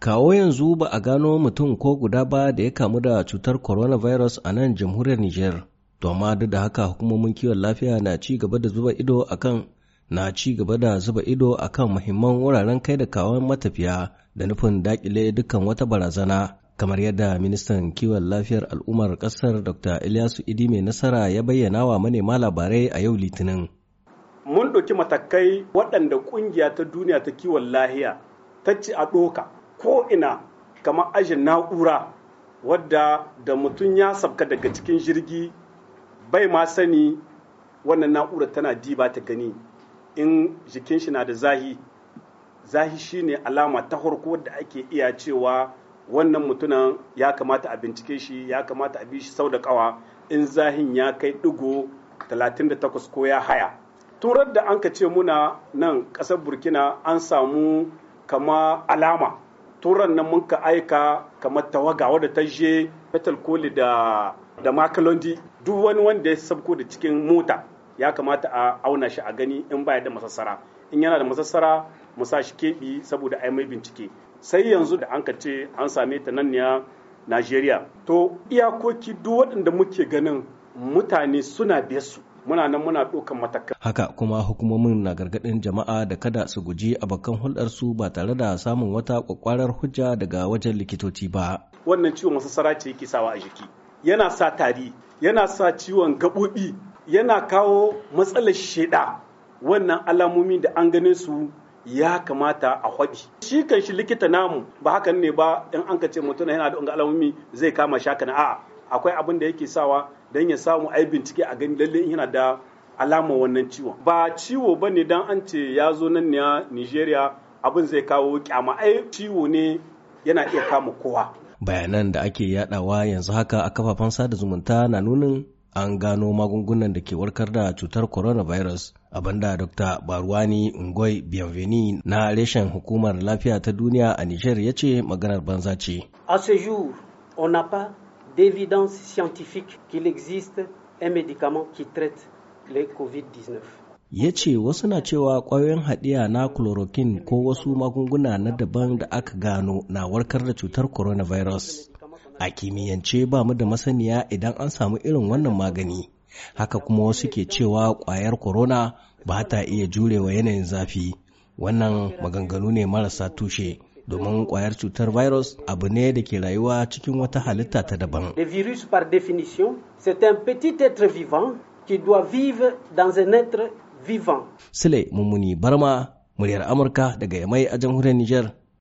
Kawo yanzu ba a gano mutum ko guda ba da ya kamu da cutar coronavirus a nan jamhuriyar Nijar. To amma duk da haka hukumomin kiwon lafiya na ci gaba da zuba ido akan na ci gaba da zuba ido akan muhimman wuraren kai da kawon matafiya da nufin dakile dukkan wata barazana kamar yadda ministan kiwon lafiyar al'ummar kasar Dr. Ilyasu Idi mai nasara ya bayyana wa manema labarai a yau Litinin. Mun ɗauki matakai waɗanda ƙungiya ta duniya ta kiwon lahiya ta ci a ɗoka ko'ina kama ajin na'ura wadda da mutum ya sabka daga cikin jirgi bai ma sani wannan na'ura tana diba ta gani in jikin shi na da zahi zahi shine alama ta farko da ake iya cewa wannan mutumin ya kamata a bincike shi ya kamata a bi shi sau da kawa in zahin ya kai digo 38 ko ya haya turar da an ka ce muna nan ƙasar burkina an samu kama alama turan nan mun ka aika kamar tawaga wadda ta je metal koli da da makalondi duk wani wanda ya sabko da cikin mota ya kamata a auna shi a gani in baya da masassara in yana da masassara mu sa shi keɓi saboda ai mai bincike sai yanzu da an ce an same ta nan ne Najeriya to iyakoki duk waɗanda muke ganin mutane suna biyar su muna nan muna ɗaukan matakan. Haka kuma hukumomin na gargaɗin jama'a da kada su guji hulɗar su ba tare da samun wata kwakwarar hujja daga wajen likitoci ba. Wannan ciwon wasu sarace yake sawa a jiki. Yana sa tari, yana sa ciwon gaɓoɓi, yana kawo matsalar sheda. Wannan alamomi da an ganin su ya kamata a hwaɗi. Shi kan shi likita namu ba hakan ne ba in an ka ce mutum yana da alamomi zai kama shakana a'a akwai abin da yake sawa don ya samu ai bincike a gani lalle yana da alama wannan ciwon ba ciwo ba ne don an ce ya zo nan ne nigeria abin zai kawo kyama ai ciwo ne yana iya kama kowa bayanan da ake yadawa yanzu haka a kafafen sada zumunta na nunin an gano magungunan da ke warkar da cutar coronavirus abinda dr barwani ngoi bienveni na reshen hukumar lafiya ta duniya a niger ya ce maganar banza ce a on n'a pas d'évidence scientifique qu'il existe un médicament qui traite le COVID-19. ya ce wasu na cewa ƙwayoyin haɗiya na chloroquine ko wasu magunguna na daban da aka gano na warkar da cutar coronavirus a kimiyyance ba mu da masaniya idan an samu irin wannan magani haka kuma wasu ke cewa ƙwayar corona ba ta iya jurewa yanayin zafi wannan maganganu ne marasa tushe domin kwayar cutar virus abu ne da ke rayuwa cikin wata halitta ta daban. Le virus par définition, c'est un petit être vivant qui doit vivre dans un être vivant. Sule Mummuni Barma, muryar Amurka daga Yamai a jamhuriyar Nijar.